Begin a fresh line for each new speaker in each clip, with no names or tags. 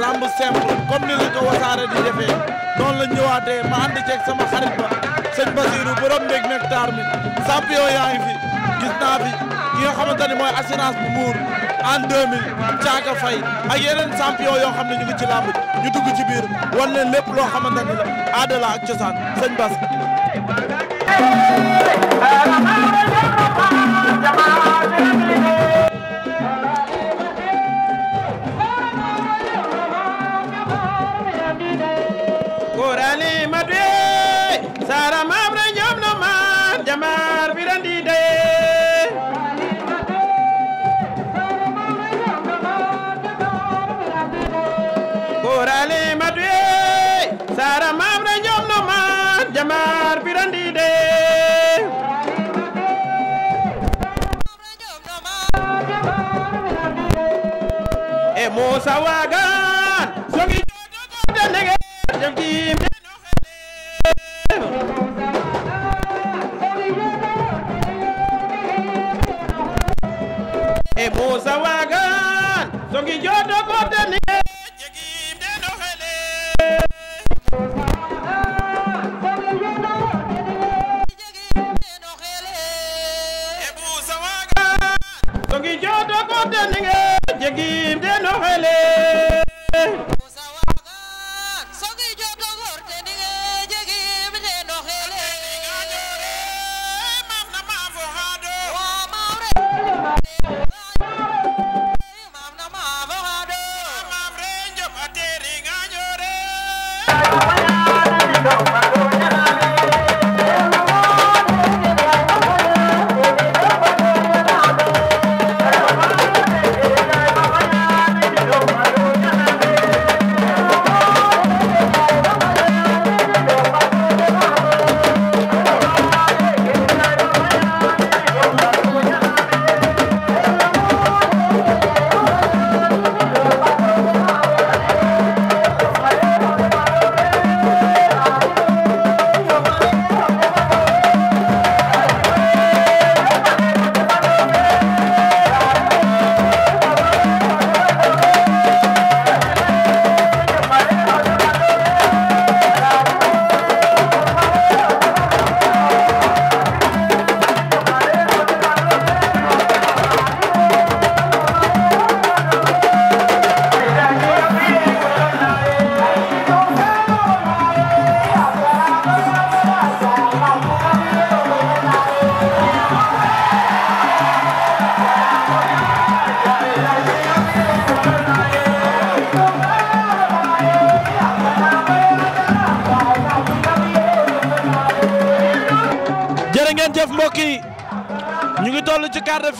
lamb simple comme ni la ko wasaare di defee noonu la ñëwaatee ma ànd sama xarit ba sëñ Basiirou borom mbéeg nectar mi champion yaa ngi fi gis naa fi ki nga xamante mooy assurance bu muur en 2000 caaka fay ak yeneen champion yoo xam ne ñu ngi ci lamb ñu dugg ci biir wan lépp loo xamante la aada ak cosaan sëñ Bas. waa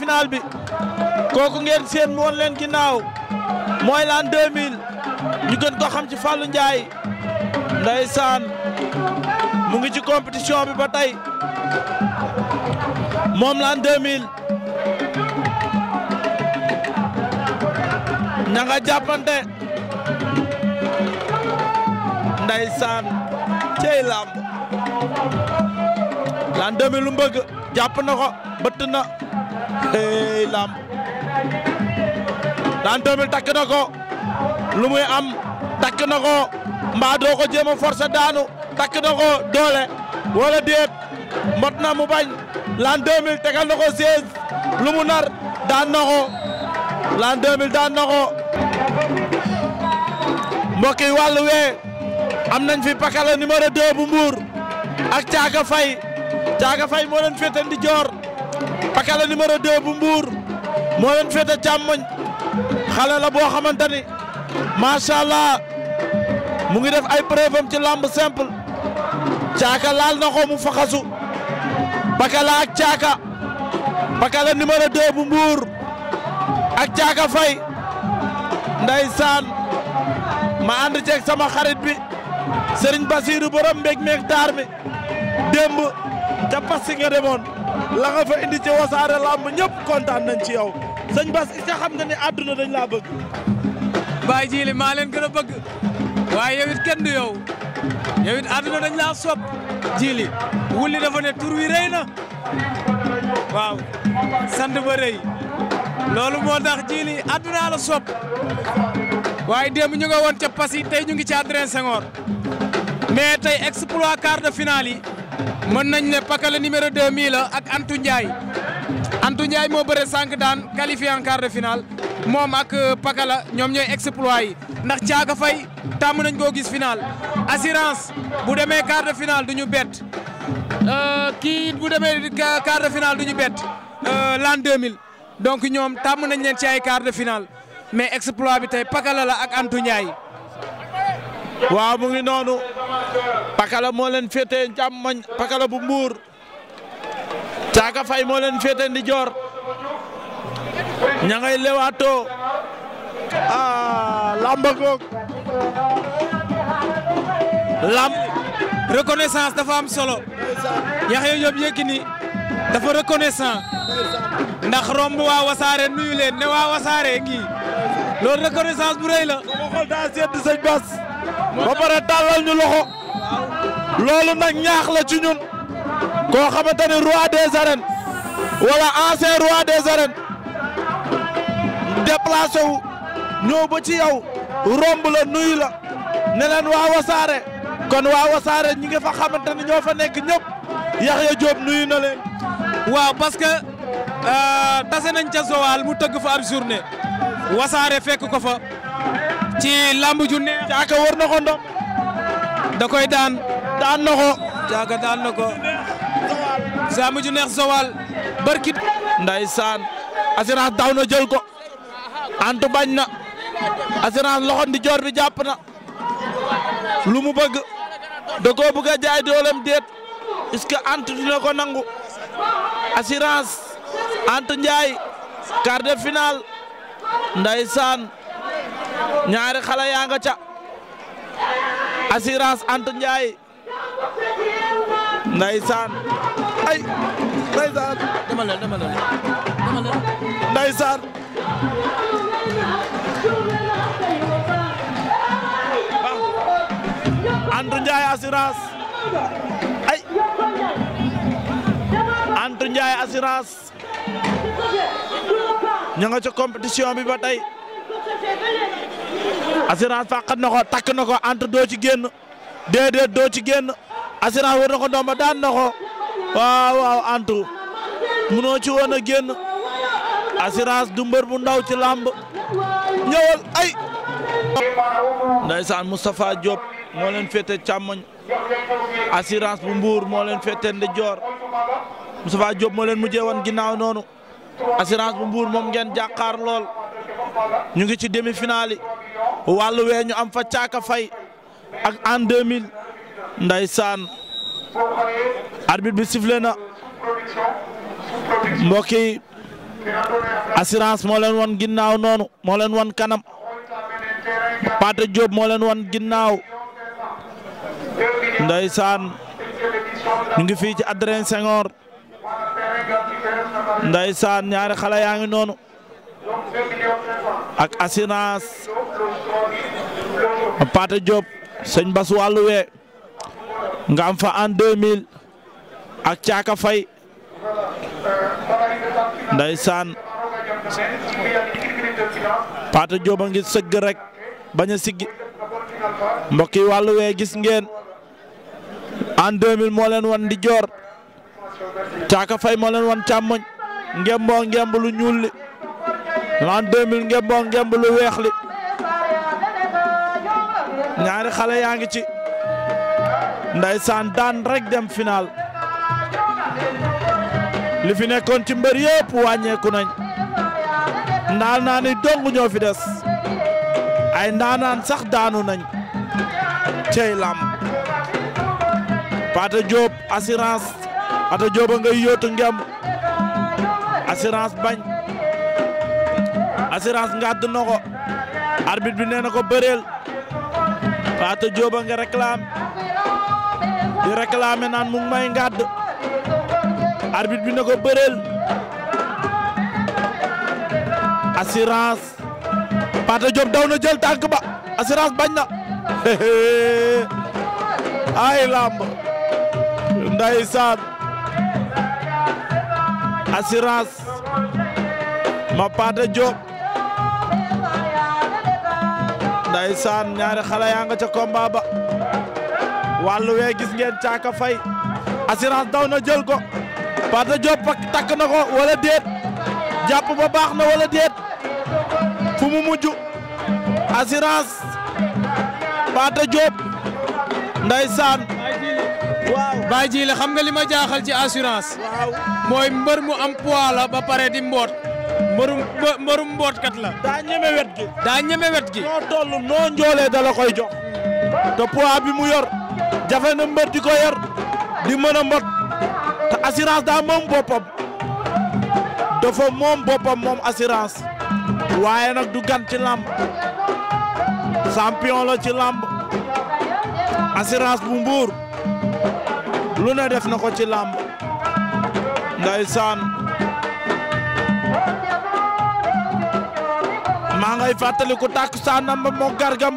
final bi kooku ngeen seen woon leen ginnaaw mooy l'an 2000 ñu gën ko xam ci Fallou Ndiaye ndeysaan mu ngi ci compétition bi ba tey moom l'an 2000 ña nga jàppante ndeysaan cey làmb l'an 2000 lu mbëgg jàpp na ko bëtt na hey lam daan doomil takk na ko am takk na ko mbaa doo ko daanu takk na doole wala déet mot na mu bañ l'an 2000 tegal na ko 16 lu nar daan na ko l'an 2000 daan na ko mbokk yi wee am nañ fi pakala numéro 2 bu Mbour ak Caaka Fay Thiaka Faye moo leen féete ndi joor Pakala numéro 2 moo leen féete càmmoñ xale boo xamante ni macha allah mu ngi def ay preuve am ci lamb simple Thiaka laal na ko mu faxasu Pakala ak Thiaka Pakala numéro 2 bu Mbour ak Thiaka Faye ndeysaan ma ànd ceeg sama xarit bi Serigne Basirou borom mbég meeg mi démb ca Pass nga demoon la fa indi ci wasaare lamb ñëpp kontaan nañ ci yow sëñ
Bass it xam nga ni àdduna dañ laa bëgg. Baye Jili maa leen gën a bëgg waaye yow it kenn du yow yow it dañ laa sopp Jili wulli dafa ne tur wi rëy na waaw sant ba loolu moo tax Jili àdduna la sopp waaye démb ñu nga woon ca tey ñu ngi ci Adrien Senghor tey exploit quart de finale mën nañ ne pakala numéro 2 mii la ak Antou Ndiaye Antou Ndiaye moo bëre sànq daan qualifié en quart de finale moom ak euh, pakala ñoom ñooy exploit yi ndax caaga fay tàmm nañ koo gis finale assurance bu demee quart de finale du ñu bett euh, kii bu demee quart de finale du ñu bett euh, l'an 2000 donc ñoom tàmm nañ leen ci ay quart de finale mais exploit bi tey pakala la ak Antou Ndiaye mu ngi noonu pakala moo leen féete càmmoñ
pakala bu mbuur caaka fay moo leen féete ndijoor ña ngay lewaatoo ah lamba goog
lamb reconnaissance dafa am solo Yaxya Jóob Yékini dafa reconnaissant ndax romb waa wasaare nuyu leen ne waa wasaare kii loolu reconnaissance bu la. ba pare tàllal ñu loxo. loolu na ñaax la ci
koo xamante ni roi des arènes wala ancien roi des arènes déplacé wu ba ci yow romb la nuyu la ne leen waa wasaare kon waa wasaare ñi nga fa xamante ni ñoo fa nekk
ñëpp Yaxya Diop nuyu na leen. waaw parce que euh, tase nañ ca Joal mu tëgg fa ab journée wasaare fekk ko fa ci lamb ju neex. caaka war na ko da koy daan. daan na ko. jaaga daan na ko. ju neex sowal. barkit ndeysaan
assurance daw na jël ko. antu bañ na. assurance loxo ndi joor bi jàpp na. lu mu bëgg. da koo jaay dooleem déet. est-ce que antu dina ko nangu. assurance. antu Ndiaye. quart de finale. ndeysaan ñaari xale yaa nga ca. assurance antu Ndiaye. Ndeysaan ay Ndeysaan. dama leen dama ah. assurance ay Antou Ndiaye assurance nga ca compétition bi ba tey assurance fàqat na ko takk na ko Antou doo ci génn déedéet doo génn. assurance wër na ko ndomba daan na ko waaw waaw antu munoo ci woon a génn assurance du mbër bu ndaw ci làmb ñëwal ay ndaysaan Moustapha Diop moo leen féete càmmoñ assurance bu mbuur moo leen féete ndijoor Moustapha Diop moo leen mujjee woon ginnaaw noonu assurance bu mbuur moom ngeen jàkkaar lool ñu ngi ci demi-finale yi wàllu ñu am fa caaka fay ak en mil ndeysaan arbitre bi sifflé na mbokk yi assurance moo leen wan noonu moo leen wan kanam Pate Diop mooleen leen wan ginnaaw ndeysaan ñu ngi fii ci Adrien nday saan ñaari xale yaa ngi noonu ak assurance Pate Diop sëñ Bass wàllu wee nga am fa an 2000 ak caaka fay ndeysaan Paate Jóob a ngi sëgg rek bañ a mbokki mbokk yi gis ngeen an 2000 moo leen wan di joor caaka fay moo leen wan càmmoñ ngemboo ngemb lu ñuul li ngemboo ngemb lu weex li ñaari xale ngi ci ndaysaan daan rek dem final li fi nekkoon ci mbër yëpp wàññeeku nañ ndaanaan yi dong ñoo fi des ay ndaanaan sax daanu nañ cey làmb Pata Diop assurance Pata Diop a ngay yóotu ngem assurance bañ assurance ngàdd na ko arbitre bi nee na ko bëreel Pata Diop nga réclame di réclamer naan mu ngi may ngàdd arbitre bi na ko bëreel assurance Pate Diop daw na jël tànk ba assurance bañ na ay lamb ndeysaan assurance ma Pate Diop ndeysaan ñaari xale yaa nga ca combat ba wàllu wee gis ngeen caaka fay assurance daw na jël ko Pathé Diop takk na ko wala déet jàpp ba baax na wala déet fu mu mujj assurance
Pathé Diop ndeysaan waaw bàyyi xam nga li ma jaaxal ci assurance mooy mbër mu am poids la ba pare di mboot mbërum mbërum mbootkat la daa ñeme wet gi daa ñeme wet gi noo toll noo njoolee
da la jox hmm. te poids bi mu yor jafe na di ko di mën a mbot te assurance daa moom boppam dafa moom boppam moom assurance waaye nag du gan ci làmb champion la ci làmb assurance bu mbuur lu ne def na ko ci làmb ndeysaan maa ngay fàttaliku tàkku saanam ba moo garga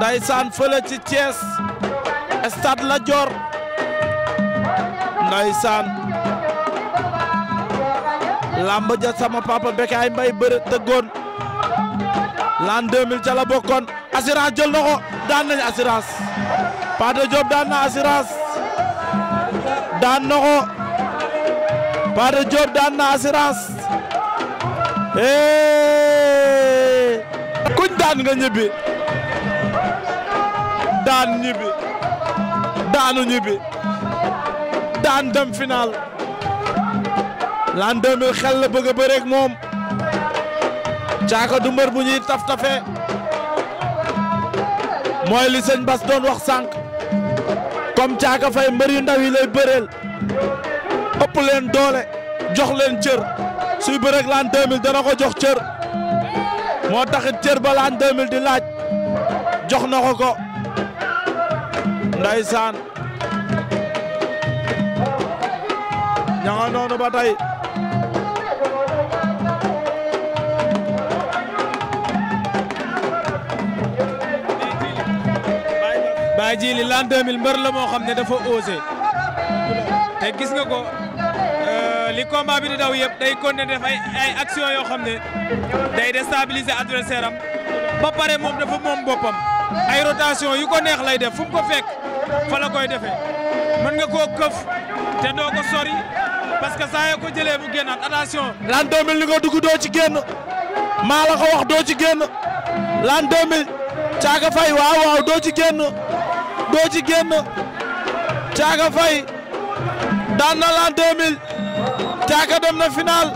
ndaysaan fële ci Thiès stade Lat Dior ndaysaan làmb ja sama papa Bécaye Mbaye bëre tëggoon l'an 2000 ca la bokkoon assurance jël na ko daan nañ assurance Pathé Diop daan na assurance daan na ko Pathé Diop daan na assurance kuñ daan nga ñibbi daan daanu ñibbi daan dem final l'an 2000 xel la bëgg a bëreeg moom caaka du mbër bu ñuy taf tafee mooy li sëñ Bas doon wax sànq comme caaka fay mbër yu ndaw yi lay bëreel ëpp leen doole jox leen cër suy bëreeg l'an 2000 dana ko jox cër moo taxit cër ba l'an 2000 di laaj jox na ko ko. ndaysaan ña nga noonu ba tey
Baye Djily l'an 2000 mbër la moo xam ne dafa osé te gis nga ko euh, li combat bi di daw yëpp day continuer def ay ay action xam ne day déstabiliser adversaire am ba moom dafa moom boppam ay rotation yu ko neex lay def fu mu ko fekk fa la koy defee mën nga koo këf te doo ko sori parce que saa ko jëlee mu génnaat attention. l'an li nga dugg doo ci génn maa la ko wax doo ci génn l'an
2000 waaw waaw doo ci génn doo ci daan na l'an 2000 dem na final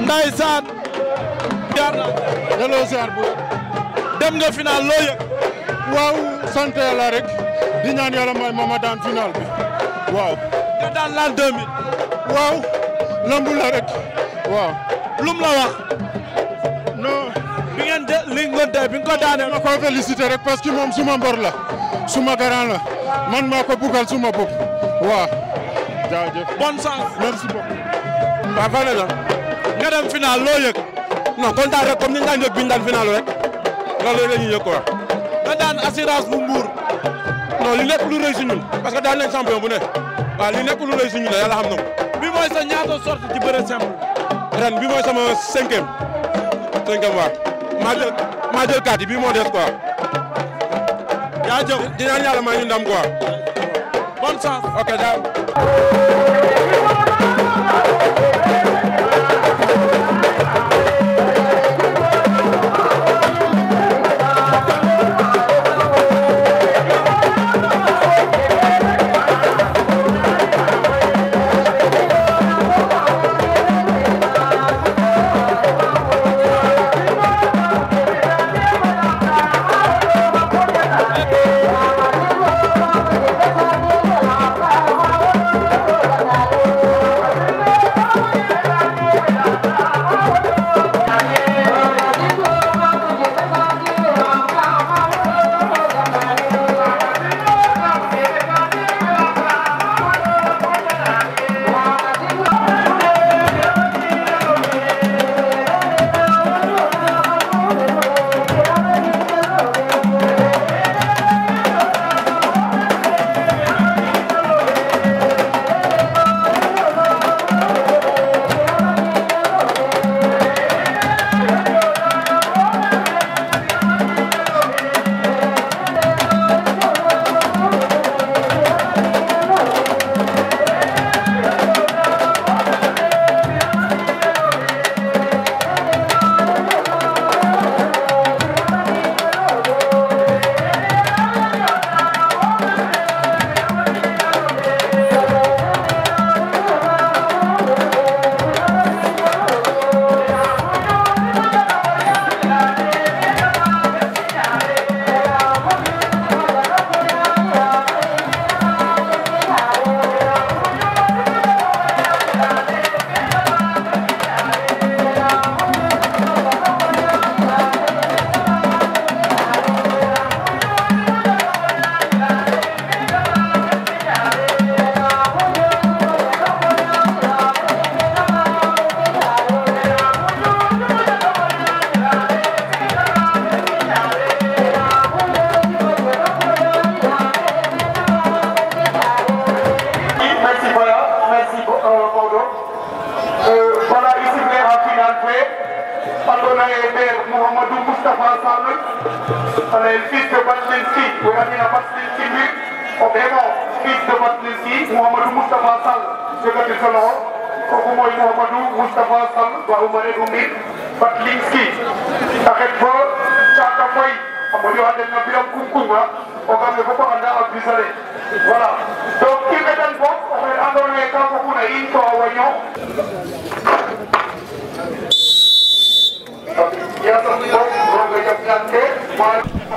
ndeysaan. jaar na delloo ziar bu dem nga final loo yëg. waaw sant yàlla rek di ñaan yàlla may ma ma daan final bi waaw. nga daan lan 2000. waaw lambu la rek waaw. lum la wax. non. bi ngeen de li nga de bi nga ko daanee. ma rek parce moom suma mbor la suma garaan la man maa ko bugal suma bopp waaw. jaajëf bonne chance. merci beaucoup. waaw fane la. nga dem final loo yëg. non kontaan rek comme ni daan yëg bi ñu daan rek. loolu la ñuy yëg quoi. daan assurance bu mbuur non lu rëy ñun parce que daan nañ champion bu ne waaw li lu rëy ñun la yàlla xam na bi mooy sa ñaata sorte ci bëre simple. ren bi mooy sama cinquième cinquième waaw maa jël maa kaat yi bii moo des quoi. jaajëf dinaa ñaala maa ñu ndam quoi.
bonne chance ok daal.
Fils de Batlinski, Wéramina Batlinski, lui, Obémo, fils de Batlinski, Mouhamadou Moustapha Sall, jëkkati sa loxo kooku e mooy Mouhamadou Moustapha Sall ma ne Oumy Batlinski. taxit ba caata
mooy amuñu wax dëgg yàlla biram kumkuma o ka mbe fopa anda a bisale voilà donc i ɓetan fop oxe andoona yee ka fokuna in to a waño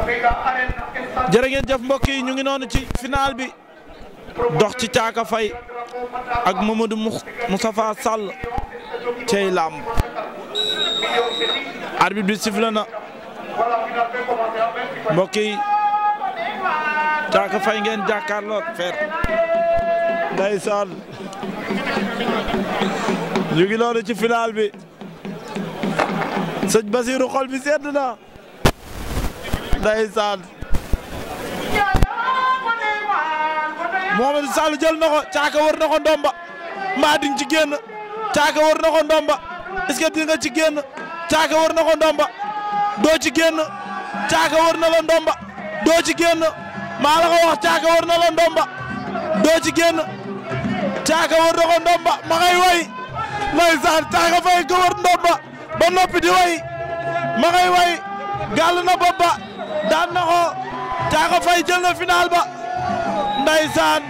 jërë ngeen jëf mbokk yi ñu ngi noonu ci final bi dox ci Caaka Faye ak Mamadou Moustapha sal cey làmb arbitre bi sifflé na mbokk yi Caaka Faye ngeen jàkkaarloo feer ndeysaan ñu ngi noonu ci final bi sëñ Basiru xol bi sedd na ndeysaan Mohamed Sall jël na ko caaka wër na ko ndomba mbaa di ci génn caaka wër na ko ndomba est-ce ci génn caaka wër na ko ndomba doo ci génn caaka wër na la ndomba doo ci génn caaka wër na la ndomba doo ci génn na ko ma ngay way caaka fay ko wër ndomba ba noppi di ma ngay way gàll na bopp daan na ko Thiaka Faye jël na final ba ndeysaan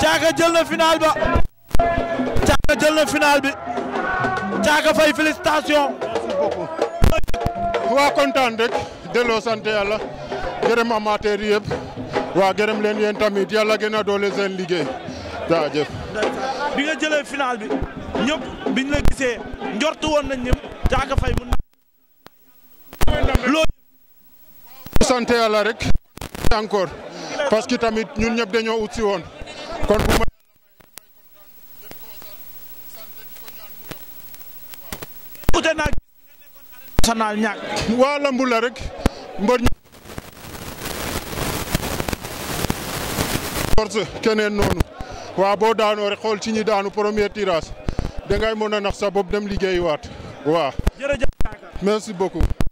Thiaka jël na final ba Thiaka jël na final bi
Thiaka Faye félicitation waa kontaan rek delloo sant yàlla gërëm amateur yëpp waa gërëm leen yéen tamit yàlla gën a doole seen liggéey bi nga jëlee final bi ñëpp biñ la gisee njortu woon nañ ñëpp Thiaka Faye sant yàlla rek parce que tamit ñun ñëpp dañoo ut si woon kon waa lambu la rek mbër force keneen noonu waa boo daanoo rek xool ci ñi daanu premier tirage dangay mën a nax sa bopp dem liggéey waat waa merci beaucoup